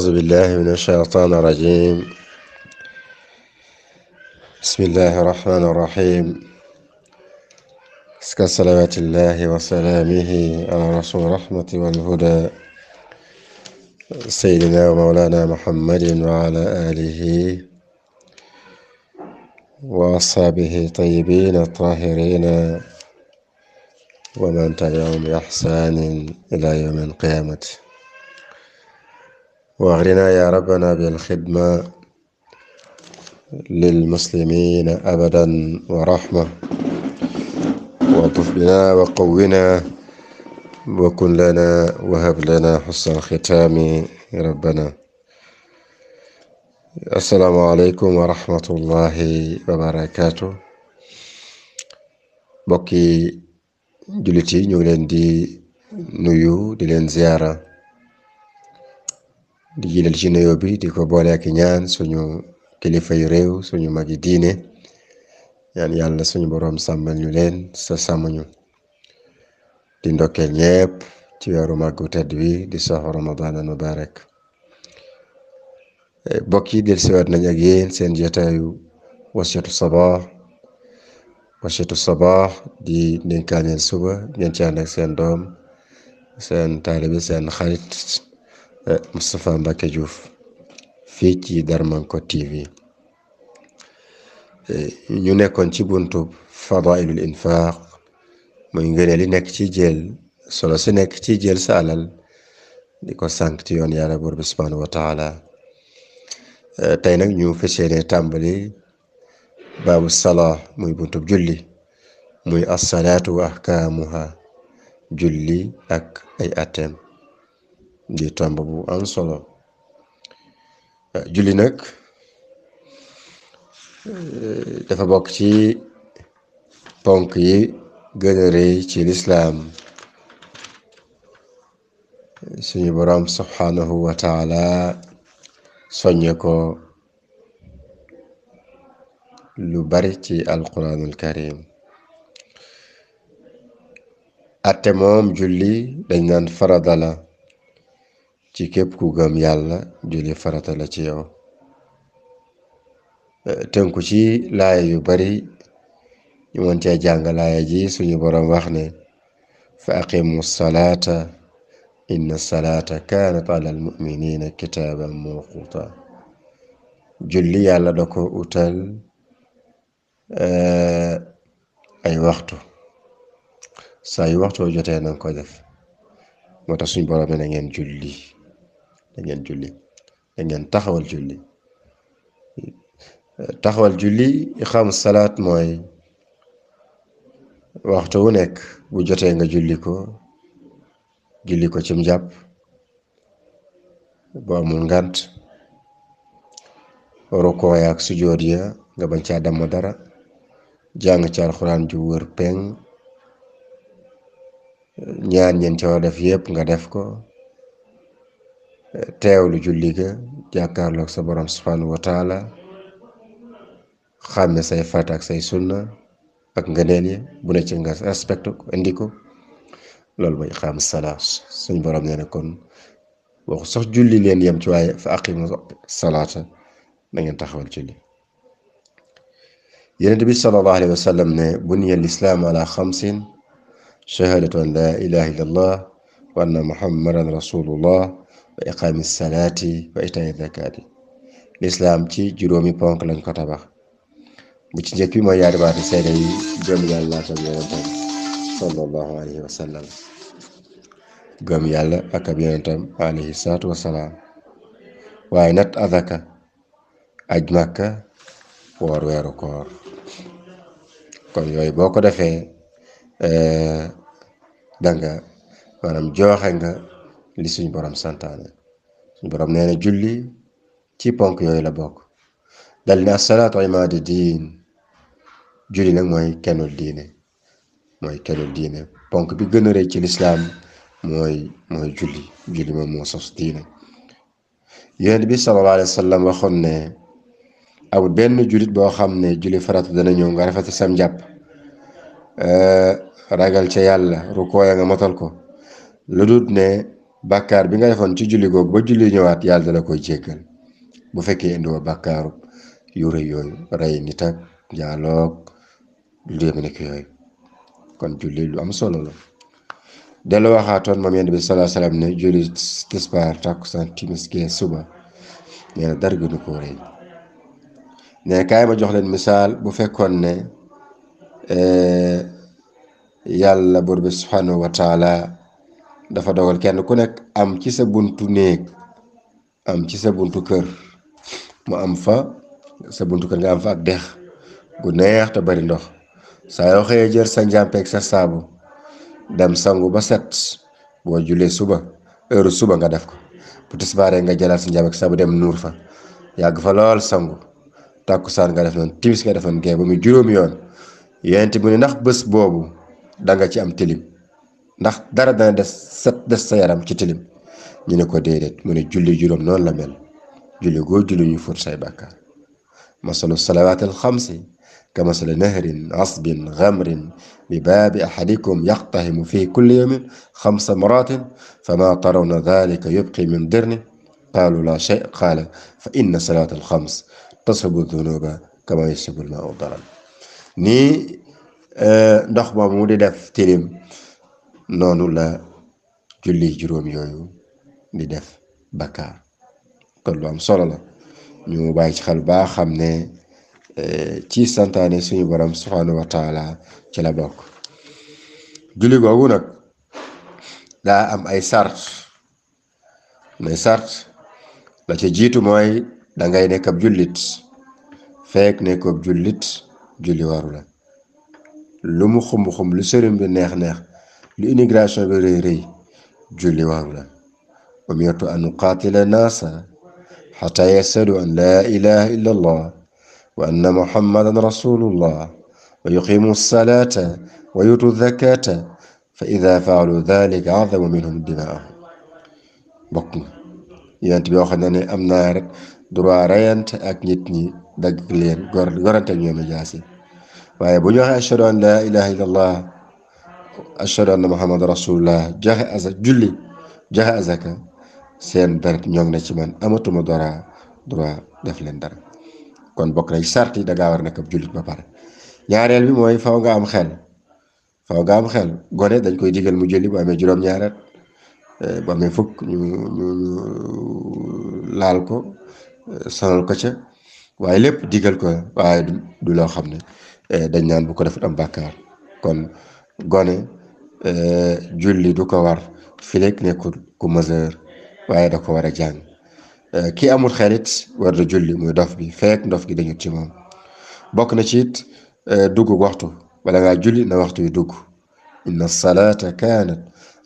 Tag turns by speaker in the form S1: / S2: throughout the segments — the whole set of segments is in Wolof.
S1: أعوذ بالله من الشيطان الرجيم بسم الله الرحمن الرحيم اسكى صلوات الله وسلامه على رسول الرحمة والهدى سيدنا ومولانا محمد وعلى آله وأصحابه الطيبين الطاهرين ومن تبعهم بإحسان إلى يوم القيامة واغرنا يا ربنا بالخدمة للمسلمين أبدا ورحمة وطف بنا وقونا وكن لنا وهب لنا حسن الختام ربنا السلام عليكم ورحمة الله وبركاته بقي جلتي نولندي نيو دي لين زياره di jiital ci nuyoo bi di ko boole ak ñaan suñu kilifa yu réew suñu mag diine ñaan yàlla suñu boroom sàmmal ñu leen sa sàmm di ndokkeel ñépp ci weeru màggu tedd wi di soxu ramadan al mubarak eh, bokk yi del siwaat nañ ak yéen seen jotaayu wasiyatu sabaax wasiyatu sabaax di dénkaaneel suba ngeen ci ànd seen doom seen taalibe seen xarit Moustapha Mbacké Diouf fii ci Darmanko TV ñu nekkoon ci buntub fadailul infaq muy ngëneel li nekk ci jël solo si nekk ci jël sa alal di ko sànq ci yoon yàlla buur bi subhanahu wa taala tey nag ñu fas yéene tàmbali baabu salaa muy buntub julli muy asalaatu wa ahkaamuha julli ak ay atem di tomb bu am solo julli nag dafa bokk ci ponk yi gën a ci lislaam suñu boroom subhanahu wa taala soññe ko lu bari ci alquranul karim atte moom julli dañ naan farada ci képp ku gëm yàlla julli farata la ci yow eh, tënku ci laaya yu bari ñu mën cee jàng ji suñu boroom wax ne fa aqimu salaata inna salaata kaanat alal muminina kitaaban mawquta julli yàlla da ko utal eh, ay waxtu saa yu waxtu jotee nañ ko def moo suñu boroom ne na ngeen julli da ngeen julli da ngeen taxawal julli taxawal julli xam salaat mooy waxtu wu nekk bu jotee nga julli ko julli ko cim jàpp boo amul ngànt rukoo yaak sujood nga bañ caa damm dara jàng ci alxuraan ju wër peng ñaan ñeen ci def yépp nga def ko teewlu julli ga jàkkaarloog sa borom subhanahu wa taala xàmme say faat ak say sunna ak ngëneel ya bu ne ci nga respecté ko indi ko loolu mooy xaam salaat suñ borom nee na kon waxu sax julli leen yem ci waaye fa aqimu salaata na ngeen taxawal julli yonent bi sallallahu alayhi wa sallam ne buniya lislaam ala xamsin shahadatu an la ilaha illallah wa anna muhammadan rasulullah wa iqaami salaati wa itaay zakaati lislaam ci juróomi ponk lañ ko tabax bu ci njëkk bi mooy yaari baati seede yi gëm yàlla ak ab yonentam sallallahu alayhi wa sallam yàlla ak ab yonentam alayhi waaye nat azaka aj màkka woor weeru koor kon yooyu boo ko defee eh, danga maanaam joxe nga li suñu borom santaane suñu borom nee na julli ci ponk yooyu la bokk dal ne asalaatu imaadu diin julli nag mooy kennul diine mooy kennul diine ponk bi gën a ci lislaam mooy mooy julli julli moom moo sos diine yonent bi sallallahu alayhi wa sallam ne amul benn jullit boo xam ne julli farata dana ñëw nga rafet sam njàpp ragal ca yàlla rukkoo nga motal ko lu dut ne bakkar bi nga defoon ci julli googu ba julli ñëwaat yàlla dala koy jéggal bu fekkee indiwa bakkaaru yu rëy yooyu rey nit ak njaaloog lu yem nekk yooyu kon julli lu am solo la delu waxaatoon moom yenn bi salaa salaam ne julli tispaar takusan timiskee suba nee na dar gënu koo rëy nee kaay ma jox leen misaal bu fekkoon ne eh, yàlla bor bi subhanahu wa taala dafa dogal kenn ku nek am ci sa buntu neek am ci sa buntu keur mu am fa sa buntu keur nga am fa ak dex gu neex ta bari ndox sa yo xëyee jeer sa njàmpeeg sa sabu dem sangu ba set bo julé suba heure suba nga def ko bu tisbaré nga jëlaat sa njàmpeeg sabu dem nur fa yag fa lol sangu takusan nga def non timis nga defoon gee ba muy juroom yoon yent bu ne nax bes bobu da nga ci am tilim ndax dara dana des set des sa yaram ci tilim ñu ne ko déedéet mu ne julli juróom noonu la mel julli goo julli ñu fóot say bàkkaar masalu salawaat alxamsi ka masali nahrin asbin gamrin bi baabi ahadikum yaxtahimu fii kulli yawmin xamsa maratin fama tarawna dalika yubqi min dirni قالوا لا شيء قال فإن صلاة الخمس تصب الذنوب كما يصب الماء الضرر ني أه نخبة مودي دف تلم noonu la julli juróom yooyu di def bakka kon lu am solo la ñu bàyyi ci xel baa xam ne eh, ci santaane suñu borom subhanahu wa taala ci la bokk julli googu nag daa am ay sart mais sart la ca jiitu mooy da ngay nekk ab jullit fekk nekk ab jullit julli waru la lu mu xumb-xumb lu sëriñ bi neex-neex الإنغراشن ري ري جولي وامنا أميرت أن نقاتل الناس حتى يسألوا أن لا إله إلا الله وأن محمدا رسول الله ويقيموا الصلاة ويؤتوا الزكاة فإذا فعلوا ذلك عظم منهم دماءهم بكم يعني بيوخن أني أمنا دروا ريانت أكنيتني دقلين غورنت النيوم الجاسي waye buñu waxe ashhadu an la ilaha ashhadu anna muhammad rasulullah joxe azak julli joxe azaka seen deret ñoŋ na ci man amatuma dora droit def leen dara kon bokk rek sart yi da ngaa war nekk ab jullit ba pare ñaareel bi mooy faw nga am xel faw am xel gone dañ koy digal mu julli bu amee juróom-ñaaret eh, bu amee fukk ñu laal ko eh, sonal ko ca waaye lépp digal ko waaye du loo xam ne eh, dañ naan bu ko def am bàkkaar kon gone julli du ko war fileeg nekkul ku majeur waaye da ko war a jàng ki amul xarit war da julli muy dof bi feek ndof gi dañu ci moom bokk na ci it dugg waxtu wala ngaa julli na waxtu yu dugg inna salaata kaanat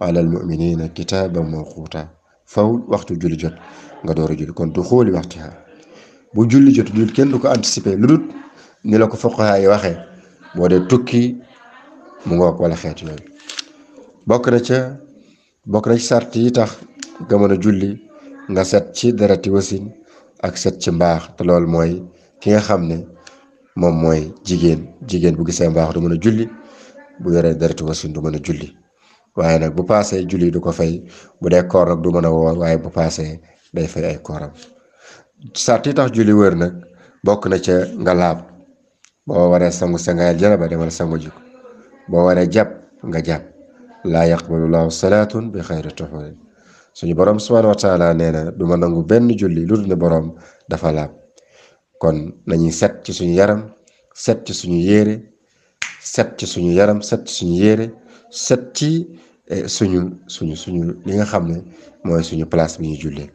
S1: ala almuminina kitaaban mawquuta faw waxtu julli jot nga door a julli kon du xooli waxtiha bu julli jot dul kenn du ko anticiper lu dut ni la ko foqahaa yi waxee boo dee tukki mu ngoog wala xeet yooyu bokk na ca bokk na sart yi tax nga julli nga set ci dereti wasin ak set ci mbaax te loolu mooy ki nga xam ne moom mooy jigéen jigéen bu gisee mbaax du mën a julli bu yoree dereti wasin du mën a julli waaye nag bu paasee julli du ko fay bu dee koor nag du mën a woor waaye bu paasee day fay ay kooram sart yi tax julli wër nag bokk na ca nga laab boo waree sangu sangaayal janaba demal sangu jiko boo waree jàpp nga jàpp لا يقبل الله الصلاة بخير التحول سوني برام سبحانه وتعالى نينا دوما نانغو بن جولي لودن برام دفالا كون ناني سات تي سوني يارام سات تي سوني ييري سات تي سوني يارام سات تي سوني ييري سات تي اه، سوني سوني سوني ليغا خامني موي سوني بلاص بي جولي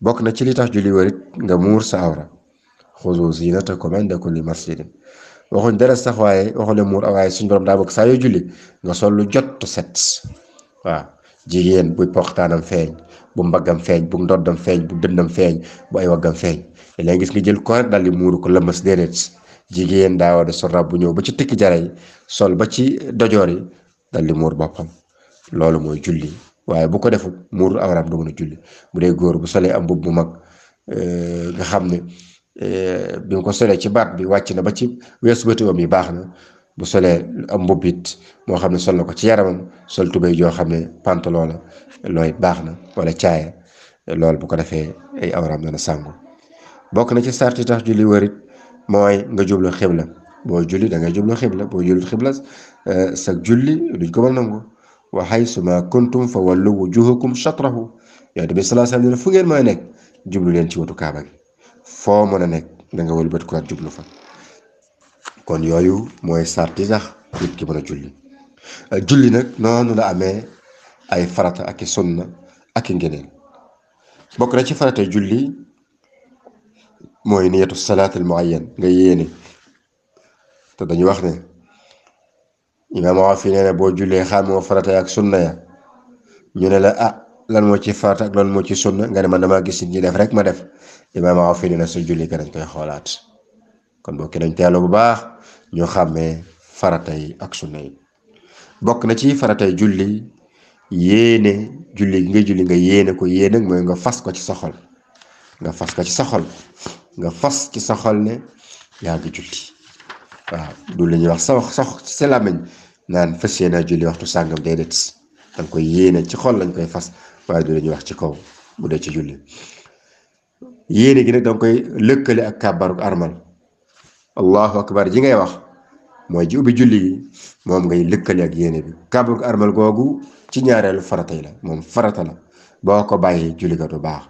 S1: بوك نا تي لي تاخ جولي وريت غا مور ساورا خذوا زينتكم عند كل مسجد waxuñ dara sax waaye waxu le muur waaye suñ borom daa bëgg saa yoo lott set waaw jigéen buy poxtaanam feeñ bu mbaggam feeñ bu ndoddam feeñ bu dëndam feeñ bu ay waggam feeñ léegi gis nga jël ko rek daal muuru ko lëmas déedéet jigéen daa war a sol rab bu ñëw ba ci tikki jaray sol ba ci dojoor yi daal di muur boppam loolu mooy julli waaye bu ko deful muur awraam du na a julli bu dee góor bu solee am mbubb mu mag eh, nga xam ne eh, bi mu ko solee ci baat bi wàcc na ba ci weesu bëtiwam yi baax na bu solé am bobit mo xamné sol nako ci yaramam sol tubéy jo xamné pantalon la loy baxna wala caaya lool bu ko defé ay awram dana sàngu bok na ci sarti tax julli wërit moy nga jublu xibla bo julli da nga jublu xibla bo julli xibla sa julli duñ ko mën wa haythu ma kuntum fa wallu wujuhakum shatrahu yonent bi salaa salaam ne fu ngeen mën a jublu len ci wotu kaaba gi foo mën a nekk da nga ko jublu fa kon yooyu mooy sart yi tax nit ki julli euh, julli nag noonu la amee ay farata ak i sunna ak i ngeneen bokk na ci farata julli mooy yetu salaatil muayyan nga yéene te dañu wax ne imaam waa fi nee na boo jullee xamoo farata ya ak sunna ñu ne la ah lan moo ci farata ak lan moo ci sunna nga ne man damaa gis ñi def rek ma def imaam waa fi nee na sa julli ka dañ koy xoolaat kon bokki nañ teelu bu baax ñu xàmmee faratay ak sunna bokk na ci faratay julli yéene julli gi nga julli nga yéene ko yéene mooy nga fas ko ci sa xol nga fas ko ci sa xol nga fas ci sa ne yaa ngi julli waaw du la ñuy wax sa wax sa sa làmmiñ naan fas yéene julli waxtu sàngam déedéet da nga koy yéene ci xol lañ koy fas waaye du la wax ci kaw bu dee ci julli yéene gi nag da koy lëkkale ak kàbbaru armal allahu akbar ji ngay wax mooy ji ubbi julli moom ngay lëkkale ak yéene bi kàbbaru armal googu ci ñaareelu farata la moom farata la boo ko bàyyi julli ga du baax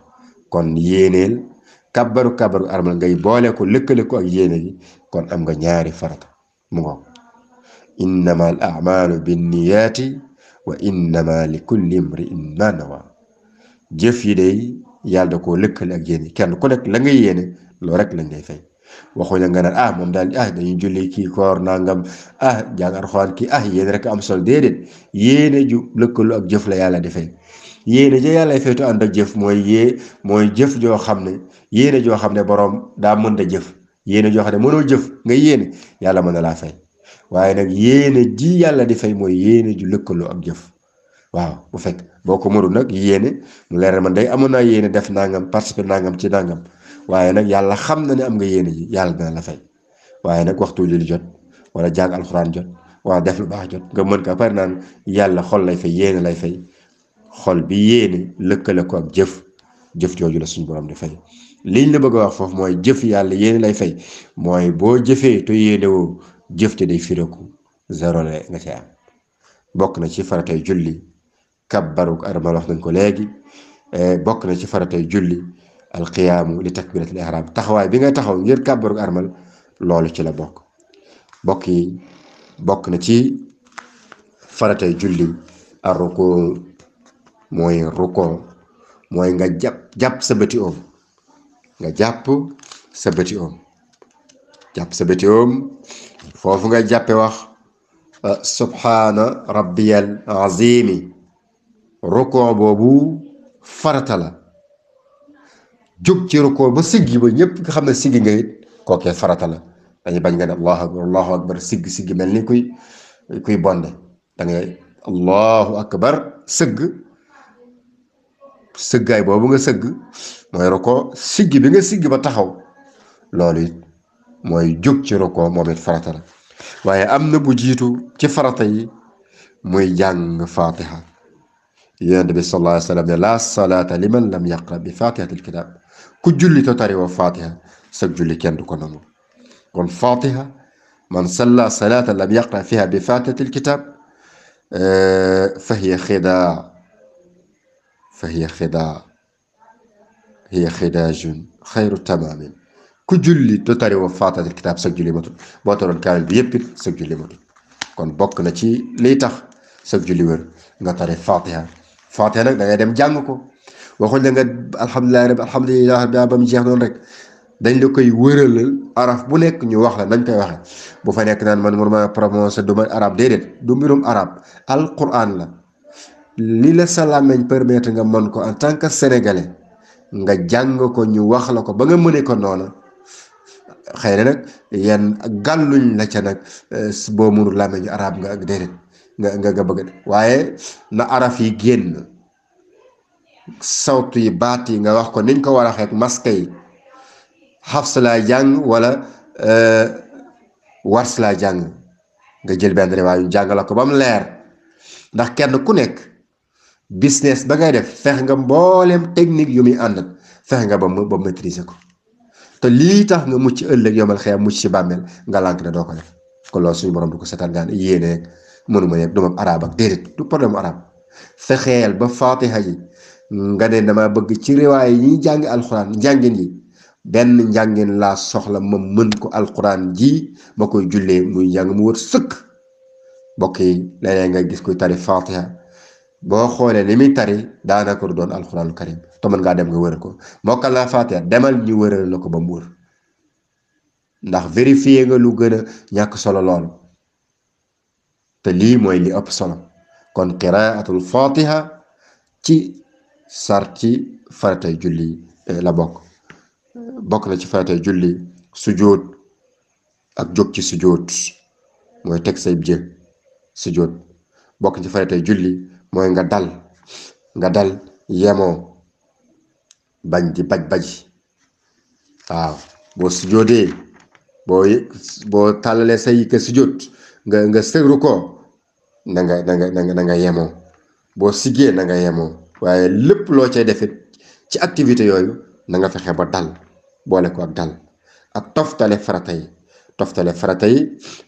S1: kon yéeneel kabaru kàbbaru armal ngay boole ko lëkkale ko ak yéene kon am nga ñaari farata mu ngoog innama al amalu binniyaati wa innama li kulli imri'in ma nawa jëf yi day kenn ku nekk la ngay yéene loolu rek lañ lay fay waxuñ la nga ah moom daal ah dañuy julli kii koor nangam ah jàng alxuraan kii ah yéen rek am sol déedéet yéene ju lëkkalu ak jëf la yàlla defee yéene ja yàlla feetu ànd jëf mooy yée mooy jëf joo xam ne yéene joo xam ne boroom daa mën da jëf yéene joo xam ne mënoo jëf nga yéene yàlla mën na laa fay waaye nag yéene ji yàlla di fay mooy yéene ju lëkkaloo ak jëf waaw bu fekk boo ko mënul nag yéene mu leer man day amoon naa yéene def nangam parce que nangam ci nangam waye nak yàlla xam na ni am nga yene ji yàlla dana la fay waye nak waxtu julli jot wala jàng alxuraan jot wala def lu bax jot nga mën ka par nan yàlla xol lay fay yene lay fay xol bi yene lëkkale ko ak jëf jëf joju la suñu borom di fay liñ la bëgg wax fofu moy jëf yàlla yene lay fay moy bo jëfé to yene wo jëf te day firaku zéro lay nga ci am bok na ci faratay julli kabbaruk arma wax nañ ko léegi bok na ci faratay julli alqiyaamu li takbiratil ihram taxawaay bi nga taxaw ngir kàbbaru armal loolu ci la bokk bokk yi bokk na ci faratay julli ar mooy ruku mooy nga jàpp jàpp sa nga jàpp sa bëti oom jàpp sa bëti foofu nga jàppe wax euh, subhaana rabbiyal azimi ruku boobu farata la jóg ci rukkoo ba siggi ba ñëpp nga xam ne siggi nga it kookee farata la dañu bañ nga ne allahu akbar allahu akbar sigg siggi mel ni kuy kuy bonde da ngay allahu akbar sëgg sëggaay boobu nga sëgg mooy rukkoo siggi bi nga siggi ba taxaw loolu it mooy jóg ci rukkoo moom it farata la waaye am na bu jiitu ci farata yi muy jàng fatiha yonente bi sallallahu alayhi wa sallam ne la salaata liman lam yaqra bi fatihatil kitab كجولي توتاري وفاتها سجولي كندو كنمو كون فاتها من صلى صلاة لم يقرأ فيها بفاتة الكتاب فهي خدا فهي خدا هي خدا خداج خير تماما كجولي توتاري وفاتة الكتاب سجولي موتو بوتر الكامل بيبكي سجولي موتو كون بوك نتي ليتا سجولي وير نتاري فاتها فاتها نك دم جانكو waxuñ la nga alhamdulilah rek alhamdulilah ba mu jeex noonu rek dañ la koy wëralal arab bu nekk ñu wax la nañ koy waxee bu fa nekk naan man mënuma prononcer du man arab déedéet du mbirum arab alquran la li la sa làmmiñ nga mën ko en tant que sénégalais nga jàng ko ñu wax la ko ba nga mëne ko noona xëy na nag yan gàlluñ la ca nag euh, boo mënul làmmiñu arab nga ak déedéet nga nga nga waaye na araf yi génn. sawtu yi baat yi nga wax ko niñ ko war a xeek maska yi xafs laa jàng wala eh, si laa jàng nga jël benn riwaay yu jàngala ko ba mu leer ndax kenn ku nekk business ba ngay def fex nga mbooleem technique yu muy ànd fex nga ba mu ba maîtriser ko te lii tax nga mucc ëllëg yomal xëyam mucc ci bàmmeel nga lànk doo ko def ko loolu suñu borom du ko seetaan ngaan yéene rek mënuma nekk du ma arab ak déedéet du problème arab fexeel ba faatiha ji nga ne dama bëgg ci riwaay yi ñuy jàng alxuraan njàngin yi benn njàngin laa soxla ma mën ko alxuraan ji ma koy jullee muy njàng mu wër sëkk mbokk yi nga gis kuy tari fatiha boo xoolee li muy tari daanaka du doon alxuraanu karim te mën ngaa dem nga wër ko mokkal naa fatiha demal ñu wëral la ko ba mu wër ndax vérifier nga lu gën a ñàkk solo lool te lii mooy li ëpp solo kon qiraatul fatiha ci sar ci faratay julli eh, la bokk bokk na ci faratay julli sujoot ak jóg ci sujoot mooy teg say jë sujoot bokk ci faratay julli mooy nga dal nga dal yemoo bañ di baj baj waaw boo sujoodee boo boo tàllalee say ka sujoot nga nga sëgru ko nanga nga na nga yemoo boo siggee na nga yemoo waaye lépp loo cee defit ci activité yooyu na nga fexe ba dal boole ko ak dal ak toftale farata yi toftale farata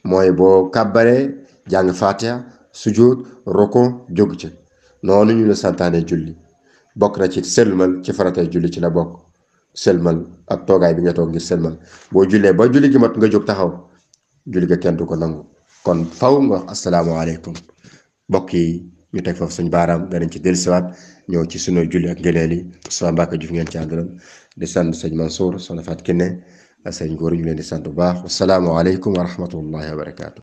S1: mooy boo kàbbaree jàng faatiha sujjóot roko jóg ci noonu ñu la santaane julli bokk na ci sëlmal ci faratay julli ci la bokk sëlmal ak toogaay bi nga toog ngir sëlmal boo jullee ba julli gi mat nga jóg taxaw julli ga kenn du ko nangu kon faw nga wax asalaamaaleykum mbokk yi ñu teg foofu suñ baaraam danañ ci dellusiwaat ñëw ci sunu julli ak ngëneel yi sa Mbàkke ngeen ci àndalam di sant sëñ Mansour soxna Faat Kiné sëñ góor ñu leen di sant bu baax wasalaamualeykum wa rahmatullahi wa barakaatu.